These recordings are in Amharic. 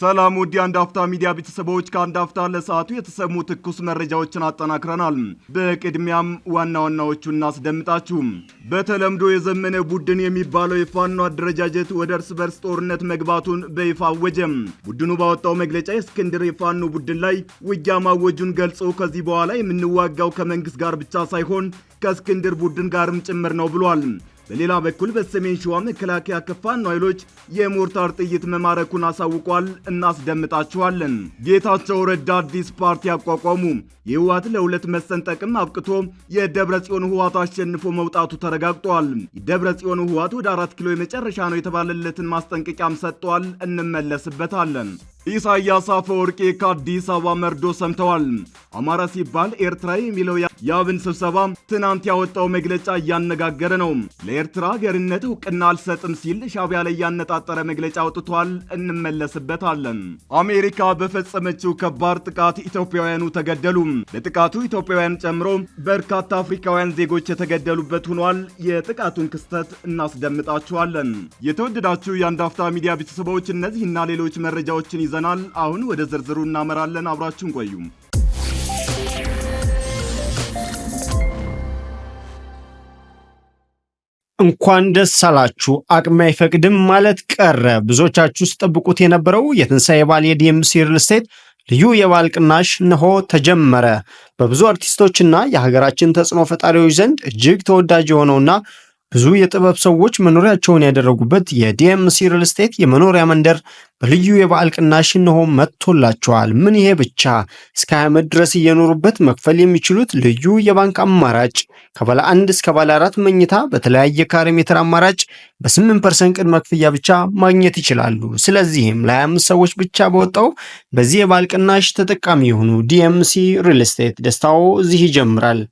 ሰላም ውድ የአንድ አፍታ ሚዲያ ቤተሰቦች፣ ከአንድ አፍታ ለሰዓቱ የተሰሙ ትኩስ መረጃዎችን አጠናክረናል። በቅድሚያም ዋና ዋናዎቹ እናስደምጣችሁ። በተለምዶ የዘመነ ቡድን የሚባለው የፋኖ አደረጃጀት ወደ እርስ በርስ ጦርነት መግባቱን በይፋ አወጀም። ቡድኑ ባወጣው መግለጫ የእስክንድር የፋኖ ቡድን ላይ ውጊያ ማወጁን ገልጾ ከዚህ በኋላ የምንዋጋው ከመንግስት ጋር ብቻ ሳይሆን ከእስክንድር ቡድን ጋርም ጭምር ነው ብሏል። በሌላ በኩል በሰሜን ሸዋ መከላከያ ከፋኖ ኃይሎች የሞርታር ጥይት መማረኩን አሳውቋል። እናስደምጣችኋለን። ጌታቸው ረዳ አዲስ ፓርቲ አቋቋሙ። የህወሓት ለሁለት መሰንጠቅም አብቅቶ የደብረ ጽዮን ህወሓት አሸንፎ መውጣቱ ተረጋግጧል። የደብረ ጽዮን ህወሓት ወደ አራት ኪሎ የመጨረሻ ነው የተባለለትን ማስጠንቀቂያም ሰጥቷል። እንመለስበታለን። ኢሳያስ አፈወርቄ ከአዲስ አበባ መርዶ ሰምተዋል። አማራ ሲባል ኤርትራ የሚለው የአብን ስብሰባ ትናንት ያወጣው መግለጫ እያነጋገረ ነው። ለኤርትራ ሀገርነት እውቅና አልሰጥም ሲል ሻቢያ ላይ ያነጣጠረ መግለጫ አውጥቷል። እንመለስበታለን። አሜሪካ በፈጸመችው ከባድ ጥቃት ኢትዮጵያውያኑ ተገደሉ። በጥቃቱ ኢትዮጵያውያን ጨምሮ በርካታ አፍሪካውያን ዜጎች የተገደሉበት ሆኗል። የጥቃቱን ክስተት እናስደምጣችኋለን። የተወደዳችሁ የአንዳፍታ ሚዲያ ቤተሰቦች እነዚህና ሌሎች መረጃዎችን ይዘናል። አሁን ወደ ዝርዝሩ እናመራለን። አብራችሁን ቆዩም። እንኳን ደስ አላችሁ። አቅም አይፈቅድም ማለት ቀረ። ብዙዎቻችሁ ስጠብቁት የነበረው የትንሣኤ በዓል የዲኤምሲ ሪል ስቴት ልዩ የበዓል ቅናሽ እንሆ ተጀመረ። በብዙ አርቲስቶችና የሀገራችን ተጽዕኖ ፈጣሪዎች ዘንድ እጅግ ተወዳጅ የሆነውና ብዙ የጥበብ ሰዎች መኖሪያቸውን ያደረጉበት የዲኤምሲ ሪል ስቴት የመኖሪያ መንደር በልዩ የበዓል ቅናሽ እንሆ መጥቶላቸዋል። ምን ይሄ ብቻ! እስከ ዓመት ድረስ እየኖሩበት መክፈል የሚችሉት ልዩ የባንክ አማራጭ ከባለ አንድ እስከ ባለ አራት መኝታ በተለያየ ካሬ ሜትር አማራጭ በ8 ፐርሰንት ቅድመ ክፍያ ብቻ ማግኘት ይችላሉ። ስለዚህም ለ25 ሰዎች ብቻ በወጣው በዚህ የበዓል ቅናሽ ተጠቃሚ የሆኑ ዲኤምሲ ሪል ስቴት ደስታው እዚህ ይጀምራል።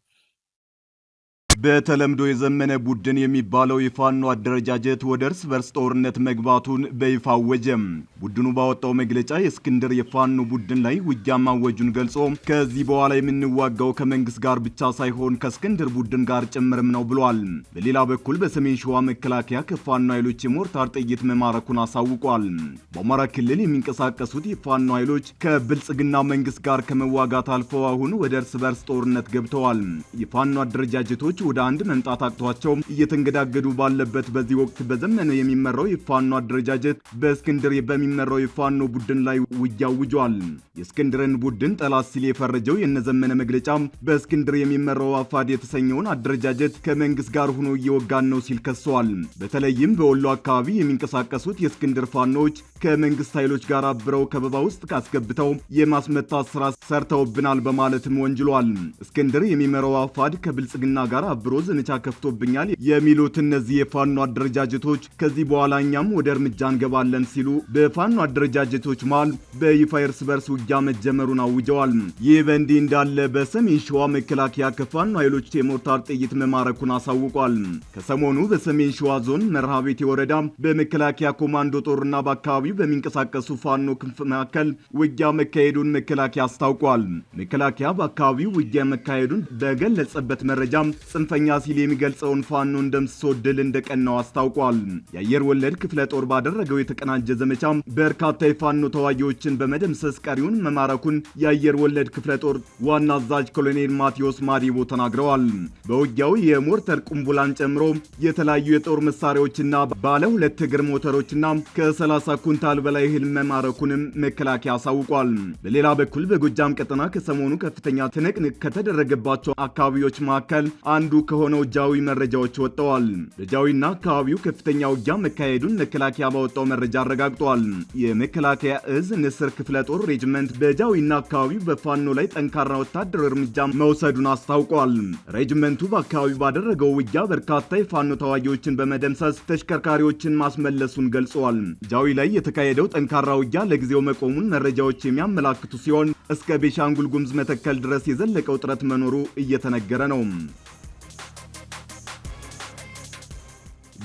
በተለምዶ የዘመነ ቡድን የሚባለው የፋኖ አደረጃጀት ወደ እርስ በርስ ጦርነት መግባቱን በይፋ አወጀም። ቡድኑ ባወጣው መግለጫ የእስክንድር የፋኖ ቡድን ላይ ውጊያ ማወጁን ገልጾ ከዚህ በኋላ የምንዋጋው ከመንግስት ጋር ብቻ ሳይሆን ከእስክንድር ቡድን ጋር ጭምርም ነው ብሏል። በሌላ በኩል በሰሜን ሸዋ መከላከያ ከፋኖ ኃይሎች የሞርታር ጥይት መማረኩን አሳውቋል። በአማራ ክልል የሚንቀሳቀሱት የፋኖ ኃይሎች ከብልጽግና መንግስት ጋር ከመዋጋት አልፈው አሁን ወደ እርስ በርስ ጦርነት ገብተዋል። የፋኖ አደረጃጀቶች ወደ አንድ መምጣት አቅቷቸው እየተንገዳገዱ ባለበት በዚህ ወቅት በዘመነ የሚመራው የፋኖ አደረጃጀት በእስክንድር በሚመራው የፋኖ ቡድን ላይ ውጊያ አውጇል። የእስክንድርን ቡድን ጠላት ሲል የፈረጀው የነዘመነ መግለጫ በእስክንድር የሚመራው አፋድ የተሰኘውን አደረጃጀት ከመንግስት ጋር ሆኖ እየወጋን ነው ሲል ከሷል። በተለይም በወሎ አካባቢ የሚንቀሳቀሱት የእስክንድር ፋኖዎች ከመንግስት ኃይሎች ጋር አብረው ከበባ ውስጥ ካስገብተው የማስመታት ስራ ሰርተውብናል በማለትም ወንጅሏል። እስክንድር የሚመራው አፋድ ከብልጽግና ጋር አብሮ ዘመቻ ከፍቶብኛል የሚሉት እነዚህ የፋኖ አደረጃጀቶች ከዚህ በኋላ እኛም ወደ እርምጃ እንገባለን ሲሉ በፋኖ አደረጃጀቶች መሃል በይፋ እርስ በርስ ውጊያ መጀመሩን አውጀዋል። ይህ በእንዲህ እንዳለ በሰሜን ሸዋ መከላከያ ከፋኖ ኃይሎች የሞርታር ጥይት መማረኩን አሳውቋል። ከሰሞኑ በሰሜን ሸዋ ዞን መርሃቤቴ ወረዳ በመከላከያ ኮማንዶ ጦርና በአካባቢው በሚንቀሳቀሱ ፋኖ ክንፍ መካከል ውጊያ መካሄዱን መከላከያ አስታውቋል። መከላከያ በአካባቢው ውጊያ መካሄዱን በገለጸበት መረጃም ጽንፈኛ ሲል የሚገልጸውን ፋኖን ደምስሶ ድል እንደቀናው አስታውቋል። የአየር ወለድ ክፍለ ጦር ባደረገው የተቀናጀ ዘመቻ በርካታ የፋኖ ተዋጊዎችን በመደምሰስ ቀሪውን መማረኩን የአየር ወለድ ክፍለ ጦር ዋና አዛዥ ኮሎኔል ማቴዎስ ማዲቦ ተናግረዋል። በውጊያው የሞርተር ቁምቡላን ጨምሮ የተለያዩ የጦር መሳሪያዎችና ባለ ሁለት እግር ሞተሮችና ከ30 ኩንታል በላይ እህል መማረኩንም መከላከያ አሳውቋል። በሌላ በኩል በጎጃም ቀጠና ከሰሞኑ ከፍተኛ ትንቅንቅ ከተደረገባቸው አካባቢዎች መካከል አንዱ ከሆነው ጃዊ መረጃዎች ወጥተዋል። በጃዊና አካባቢው ከፍተኛ ውጊያ መካሄዱን መከላከያ ባወጣው መረጃ አረጋግጧል። የመከላከያ እዝ ንስር ክፍለ ጦር ሬጅመንት በጃዊና አካባቢው በፋኖ ላይ ጠንካራ ወታደራዊ እርምጃ መውሰዱን አስታውቋል። ሬጅመንቱ በአካባቢው ባደረገው ውጊያ በርካታ የፋኖ ተዋጊዎችን በመደምሰስ ተሽከርካሪዎችን ማስመለሱን ገልጿል። ጃዊ ላይ የተካሄደው ጠንካራ ውጊያ ለጊዜው መቆሙን መረጃዎች የሚያመላክቱ ሲሆን እስከ ቤሻንጉል ጉምዝ መተከል ድረስ የዘለቀው ጥረት መኖሩ እየተነገረ ነው።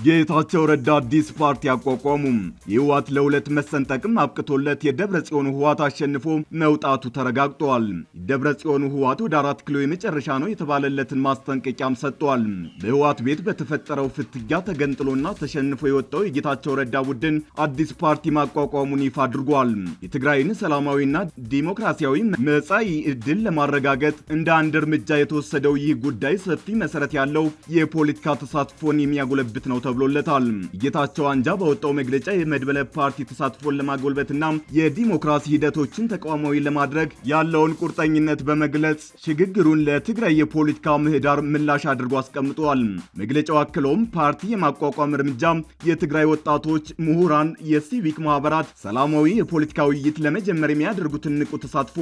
ጌታቸው ረዳ አዲስ ፓርቲ አቋቋሙ። የህወሓት ለሁለት መሰንጠቅም አብቅቶለት የደብረ ጽዮን ህወሓት አሸንፎ መውጣቱ ተረጋግጧል። የደብረ ጽዮኑ ህወሓት ወደ አራት ኪሎ የመጨረሻ ነው የተባለለትን ማስጠንቀቂያም ሰጥቷል። በህወሓት ቤት በተፈጠረው ፍትጊያ ተገንጥሎና ተሸንፎ የወጣው የጌታቸው ረዳ ቡድን አዲስ ፓርቲ ማቋቋሙን ይፋ አድርጓል። የትግራይን ሰላማዊና ዲሞክራሲያዊ መጻኢ ዕድል ለማረጋገጥ እንደ አንድ እርምጃ የተወሰደው ይህ ጉዳይ ሰፊ መሰረት ያለው የፖለቲካ ተሳትፎን የሚያጎለብት ነው ተብሎለታል። ጌታቸው አንጃ በወጣው መግለጫ የመድበለ ፓርቲ ተሳትፎን ለማጎልበትና የዲሞክራሲ ሂደቶችን ተቋማዊ ለማድረግ ያለውን ቁርጠኝነት በመግለጽ ሽግግሩን ለትግራይ የፖለቲካ ምህዳር ምላሽ አድርጎ አስቀምጧል። መግለጫው አክሎም ፓርቲ የማቋቋም እርምጃ የትግራይ ወጣቶች፣ ምሁራን፣ የሲቪክ ማህበራት ሰላማዊ የፖለቲካ ውይይት ለመጀመር የሚያደርጉትን ንቁ ተሳትፎ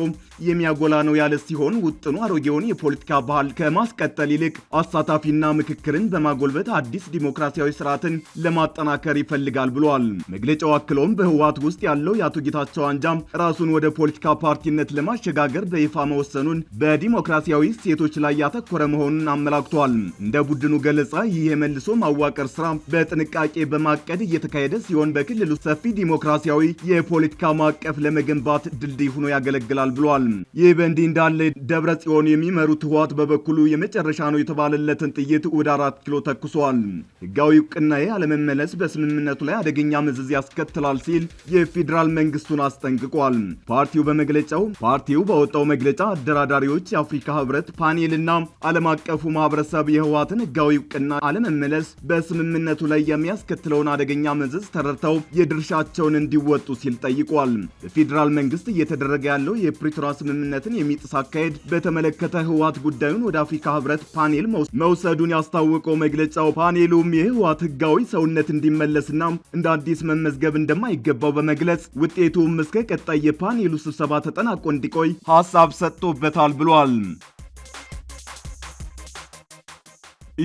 የሚያጎላ ነው ያለ ሲሆን ውጥኑ አሮጌውን የፖለቲካ ባህል ከማስቀጠል ይልቅ አሳታፊና ምክክርን በማጎልበት አዲስ ዲሞክራሲያዊ ስርዓትን ለማጠናከር ይፈልጋል ብሏል። መግለጫው አክሎም በህወሓት ውስጥ ያለው የአቶ ጌታቸው አንጃም ራሱን ወደ ፖለቲካ ፓርቲነት ለማሸጋገር በይፋ መወሰኑን በዲሞክራሲያዊ ሴቶች ላይ ያተኮረ መሆኑን አመላክቷል። እንደ ቡድኑ ገለጻ ይህ የመልሶ ማዋቀር ስራ በጥንቃቄ በማቀድ እየተካሄደ ሲሆን በክልሉ ሰፊ ዲሞክራሲያዊ የፖለቲካ ማዕቀፍ ለመገንባት ድልድይ ሆኖ ያገለግላል ብሏል። ይህ በእንዲህ እንዳለ ደብረ ጽዮን የሚመሩት ህወሓት በበኩሉ የመጨረሻ ነው የተባለለትን ጥይት ወደ አራት ኪሎ ተኩሷል። ህጋዊ እውቅናዬ አለመመለስ በስምምነቱ ላይ አደገኛ መዘዝ ያስከትላል ሲል የፌዴራል መንግስቱን አስጠንቅቋል። ፓርቲው በመግለጫው ፓርቲው ባወጣው መግለጫ አደራዳሪዎች የአፍሪካ ህብረት ፓኔልና ዓለም አቀፉ ማህበረሰብ የህወሓትን ህጋዊ እውቅና አለመመለስ በስምምነቱ ላይ የሚያስከትለውን አደገኛ መዘዝ ተረድተው የድርሻቸውን እንዲወጡ ሲል ጠይቋል። በፌዴራል መንግስት እየተደረገ ያለው የፕሪቶሪያ ስምምነትን የሚጥስ አካሄድ በተመለከተ ህወሓት ጉዳዩን ወደ አፍሪካ ህብረት ፓኔል መውሰዱን ያስታወቀው መግለጫው ፓኔሉም የህወሓት በመግባት ህጋዊ ሰውነት እንዲመለስና እንደ አዲስ መመዝገብ እንደማይገባው በመግለጽ ውጤቱም እስከ ቀጣይ የፓኔሉ ስብሰባ ተጠናቆ እንዲቆይ ሀሳብ ሰጥቶበታል ብሏል።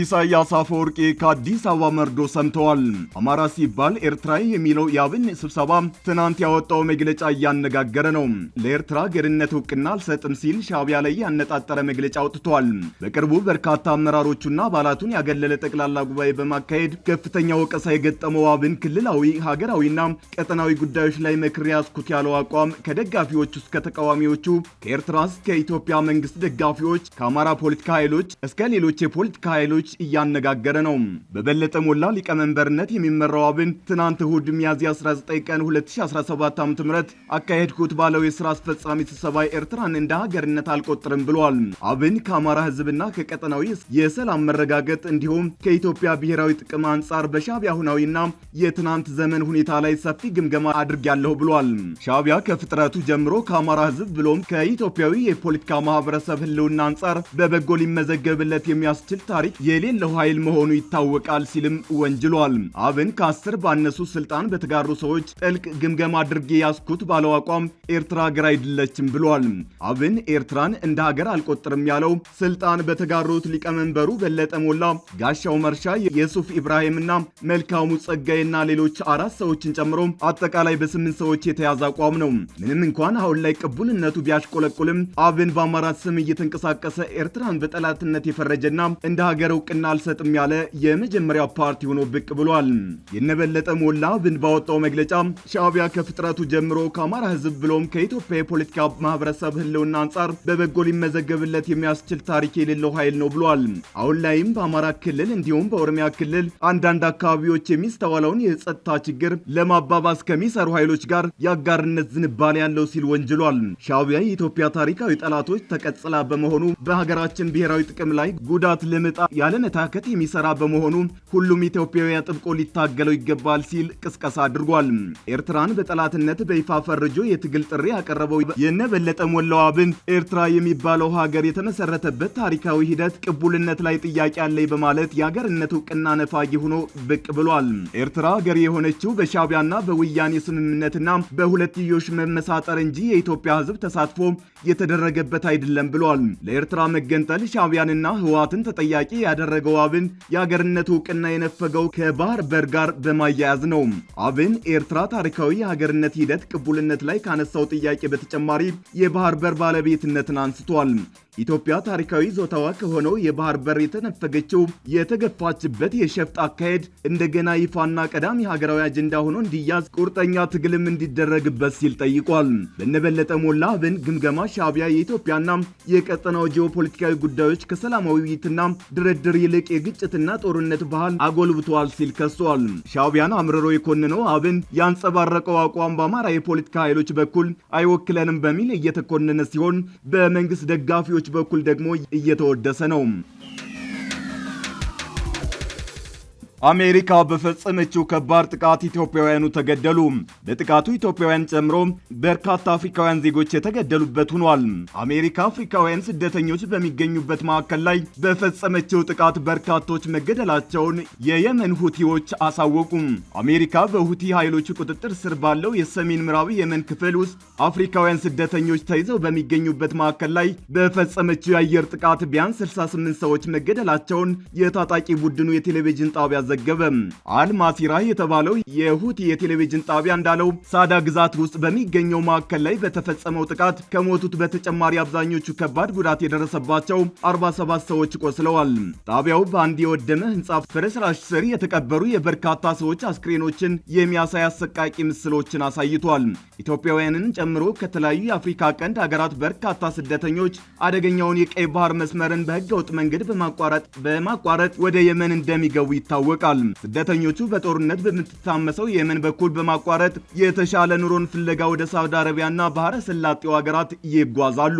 ኢሳያስ አፈወርቂ ከአዲስ አበባ መርዶ ሰምተዋል። አማራ ሲባል ኤርትራ የሚለው የአብን ስብሰባ ትናንት ያወጣው መግለጫ እያነጋገረ ነው። ለኤርትራ ገርነት እውቅና አልሰጥም ሲል ሻቢያ ላይ ያነጣጠረ መግለጫ አውጥቷል። በቅርቡ በርካታ አመራሮቹና አባላቱን ያገለለ ጠቅላላ ጉባኤ በማካሄድ ከፍተኛ ወቀሳ የገጠመው አብን ክልላዊ፣ ሀገራዊና ቀጠናዊ ጉዳዮች ላይ መክር ያስኩት ያለው አቋም ከደጋፊዎቹ እስከ ተቃዋሚዎቹ፣ ከኤርትራ እስከ ኢትዮጵያ መንግስት ደጋፊዎች፣ ከአማራ ፖለቲካ ኃይሎች እስከ ሌሎች የፖለቲካ ኃይሎች ተወካዮች እያነጋገረ ነው። በበለጠ ሞላ ሊቀመንበርነት የሚመራው አብን ትናንት እሁድ ሚያዝያ 19 ቀን 2017 ዓ ም አካሄድኩት ባለው የስራ አስፈጻሚ ስብሰባ ኤርትራን እንደ ሀገርነት አልቆጥርም ብሏል። አብን ከአማራ ህዝብና ከቀጠናዊ የሰላም መረጋገጥ እንዲሁም ከኢትዮጵያ ብሔራዊ ጥቅም አንጻር በሻቢያ አሁናዊና የትናንት ዘመን ሁኔታ ላይ ሰፊ ግምገማ አድርጌያለሁ ብሏል። ሻቢያ ከፍጥረቱ ጀምሮ ከአማራ ህዝብ ብሎም ከኢትዮጵያዊ የፖለቲካ ማህበረሰብ ህልውና አንጻር በበጎ ሊመዘገብለት የሚያስችል ታሪክ የሌለው ኃይል መሆኑ ይታወቃል ሲልም ወንጅሏል። አብን ከአስር ባነሱ ስልጣን በተጋሩ ሰዎች ጥልቅ ግምገማ አድርጌ ያስኩት ባለው አቋም ኤርትራ ግራ አይደለችም ብሏል። አብን ኤርትራን እንደ ሀገር አልቆጥርም ያለው ስልጣን በተጋሩት ሊቀመንበሩ በለጠ ሞላ፣ ጋሻው መርሻ፣ የሱፍ ኢብራሂምና መልካሙ ጸጋይና ሌሎች አራት ሰዎችን ጨምሮ አጠቃላይ በስምንት ሰዎች የተያዘ አቋም ነው። ምንም እንኳን አሁን ላይ ቅቡልነቱ ቢያሽቆለቁልም አብን በአማራ ስም እየተንቀሳቀሰ ኤርትራን በጠላትነት የፈረጀና እንደ ሀገር እውቅና አልሰጥም ያለ የመጀመሪያ ፓርቲ ሆኖ ብቅ ብሏል። የነበለጠ ሞላ ብን ባወጣው መግለጫ ሻዕቢያ ከፍጥረቱ ጀምሮ ከአማራ ህዝብ ብሎም ከኢትዮጵያ የፖለቲካ ማህበረሰብ ህልውና አንጻር በበጎ ሊመዘገብለት የሚያስችል ታሪክ የሌለው ኃይል ነው ብሏል። አሁን ላይም በአማራ ክልል እንዲሁም በኦሮሚያ ክልል አንዳንድ አካባቢዎች የሚስተዋለውን የጸጥታ ችግር ለማባባስ ከሚሰሩ ኃይሎች ጋር የአጋርነት ዝንባሌ ያለው ሲል ወንጅሏል። ሻዕቢያ የኢትዮጵያ ታሪካዊ ጠላቶች ተቀጽላ በመሆኑ በሀገራችን ብሔራዊ ጥቅም ላይ ጉዳት ልምጣ ያለ ያለነታ የሚሰራ በመሆኑ ሁሉም ኢትዮጵያዊ አጥብቆ ሊታገለው ይገባል ሲል ቅስቀሳ አድርጓል። ኤርትራን በጠላትነት በይፋ ፈርጆ የትግል ጥሪ ያቀረበው የነበለጠ ሞላው አብን ኤርትራ የሚባለው ሀገር የተመሰረተበት ታሪካዊ ሂደት ቅቡልነት ላይ ጥያቄ አለኝ በማለት የአገርነት እውቅና ነፋጊ ሆኖ ብቅ ብሏል። ኤርትራ ሀገር የሆነችው በሻቢያና በውያኔ ስምምነትና በሁለትዮሽ መመሳጠር እንጂ የኢትዮጵያ ሕዝብ ተሳትፎ የተደረገበት አይደለም ብሏል። ለኤርትራ መገንጠል ሻቢያንና ህወሓትን ተጠያቂ ያደረገው አብን የሀገርነት እውቅና የነፈገው ከባህር በር ጋር በማያያዝ ነው። አብን ኤርትራ ታሪካዊ የሀገርነት ሂደት ቅቡልነት ላይ ካነሳው ጥያቄ በተጨማሪ የባህር በር ባለቤትነትን አንስቷል። ኢትዮጵያ ታሪካዊ ይዞታዋ ከሆነው የባህር በር የተነፈገችው የተገፋችበት የሸፍጥ አካሄድ እንደገና ይፋና ቀዳሚ ሀገራዊ አጀንዳ ሆኖ እንዲያዝ ቁርጠኛ ትግልም እንዲደረግበት ሲል ጠይቋል። በነበለጠ ሞላ አብን ግምገማ ሻዕቢያ የኢትዮጵያና የቀጠናው ጂኦፖለቲካዊ ጉዳዮች ከሰላማዊ ውይይትና ድርድር ይልቅ የግጭትና ጦርነት ባህል አጎልብተዋል ሲል ከሷል። ሻዕቢያን አምርሮ የኮንነው አብን ያንጸባረቀው አቋም በአማራ የፖለቲካ ኃይሎች በኩል አይወክለንም በሚል እየተኮነነ ሲሆን በመንግስት ደጋፊዎች በኩል ደግሞ እየተወደሰ ነው። አሜሪካ በፈጸመችው ከባድ ጥቃት ኢትዮጵያውያኑ ተገደሉ። በጥቃቱ ኢትዮጵያውያን ጨምሮ በርካታ አፍሪካውያን ዜጎች የተገደሉበት ሆኗል። አሜሪካ አፍሪካውያን ስደተኞች በሚገኙበት ማዕከል ላይ በፈጸመችው ጥቃት በርካቶች መገደላቸውን የየመን ሁቲዎች አሳወቁም። አሜሪካ በሁቲ ኃይሎች ቁጥጥር ስር ባለው የሰሜን ምዕራብ የመን ክፍል ውስጥ አፍሪካውያን ስደተኞች ተይዘው በሚገኙበት ማዕከል ላይ በፈጸመችው የአየር ጥቃት ቢያንስ 68 ሰዎች መገደላቸውን የታጣቂ ቡድኑ የቴሌቪዥን ጣቢያ ተዘገበ። አልማሲራ የተባለው የሁቲ የቴሌቪዥን ጣቢያ እንዳለው ሳዳ ግዛት ውስጥ በሚገኘው ማዕከል ላይ በተፈጸመው ጥቃት ከሞቱት በተጨማሪ አብዛኞቹ ከባድ ጉዳት የደረሰባቸው 47 ሰዎች ቆስለዋል። ጣቢያው በአንድ የወደመ ህንጻ ፍርስራሽ ስር የተቀበሩ የበርካታ ሰዎች አስክሬኖችን የሚያሳይ አሰቃቂ ምስሎችን አሳይቷል። ኢትዮጵያውያንን ጨምሮ ከተለያዩ የአፍሪካ ቀንድ ሀገራት በርካታ ስደተኞች አደገኛውን የቀይ ባህር መስመርን በህገወጥ ወጥ መንገድ በማቋረጥ ወደ የመን እንደሚገቡ ይታወቃል። ይታወቃል። ስደተኞቹ በጦርነት በምትታመሰው የመን በኩል በማቋረጥ የተሻለ ኑሮን ፍለጋ ወደ ሳውዲ አረቢያና ባህረ ሰላጤው ሀገራት ይጓዛሉ።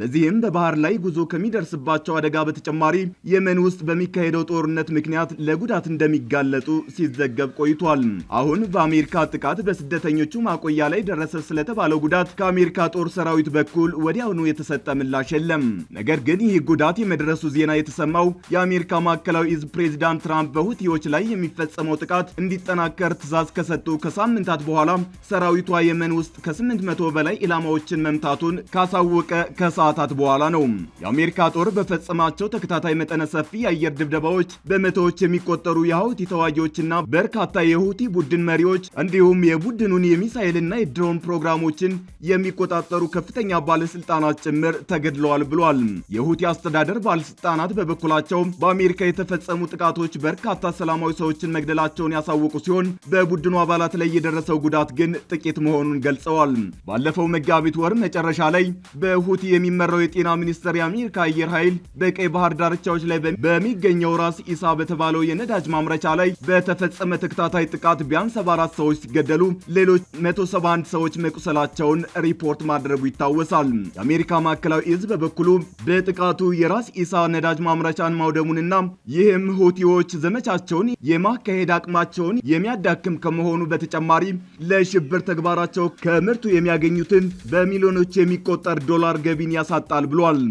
በዚህም በባህር ላይ ጉዞ ከሚደርስባቸው አደጋ በተጨማሪ የመን ውስጥ በሚካሄደው ጦርነት ምክንያት ለጉዳት እንደሚጋለጡ ሲዘገብ ቆይቷል። አሁን በአሜሪካ ጥቃት በስደተኞቹ ማቆያ ላይ ደረሰ ስለተባለው ጉዳት ከአሜሪካ ጦር ሰራዊት በኩል ወዲያውኑ የተሰጠ ምላሽ የለም። ነገር ግን ይህ ጉዳት የመድረሱ ዜና የተሰማው የአሜሪካ ማዕከላዊ ዕዝ ፕሬዚዳንት ትራምፕ በሁት ሲቪሎች ላይ የሚፈጸመው ጥቃት እንዲጠናከር ትዕዛዝ ከሰጡ ከሳምንታት በኋላ ሰራዊቷ የመን ውስጥ ከ800 በላይ ኢላማዎችን መምታቱን ካሳወቀ ከሰዓታት በኋላ ነው። የአሜሪካ ጦር በፈጸማቸው ተከታታይ መጠነ ሰፊ የአየር ድብደባዎች በመቶዎች የሚቆጠሩ የሐውቲ ተዋጊዎችና በርካታ የሁቲ ቡድን መሪዎች እንዲሁም የቡድኑን የሚሳኤልና የድሮን ፕሮግራሞችን የሚቆጣጠሩ ከፍተኛ ባለስልጣናት ጭምር ተገድለዋል ብሏል። የሁቲ አስተዳደር ባለስልጣናት በበኩላቸው በአሜሪካ የተፈጸሙ ጥቃቶች በርካታ ሰላማዊ ሰዎችን መግደላቸውን ያሳወቁ ሲሆን በቡድኑ አባላት ላይ የደረሰው ጉዳት ግን ጥቂት መሆኑን ገልጸዋል። ባለፈው መጋቢት ወር መጨረሻ ላይ በሁቲ የሚመራው የጤና ሚኒስቴር የአሜሪካ አየር ኃይል በቀይ ባህር ዳርቻዎች ላይ በሚገኘው ራስ ኢሳ በተባለው የነዳጅ ማምረቻ ላይ በተፈጸመ ተከታታይ ጥቃት ቢያንስ 74 ሰዎች ሲገደሉ ሌሎች 171 ሰዎች መቁሰላቸውን ሪፖርት ማድረጉ ይታወሳል። የአሜሪካ ማዕከላዊ እዝ በበኩሉ በጥቃቱ የራስ ኢሳ ነዳጅ ማምረቻን ማውደሙንና ይህም ሁቲዎች ዘመቻቸው ተግባራቸውን የማካሄድ አቅማቸውን የሚያዳክም ከመሆኑ በተጨማሪ ለሽብር ተግባራቸው ከምርቱ የሚያገኙትን በሚሊዮኖች የሚቆጠር ዶላር ገቢን ያሳጣል ብሏል።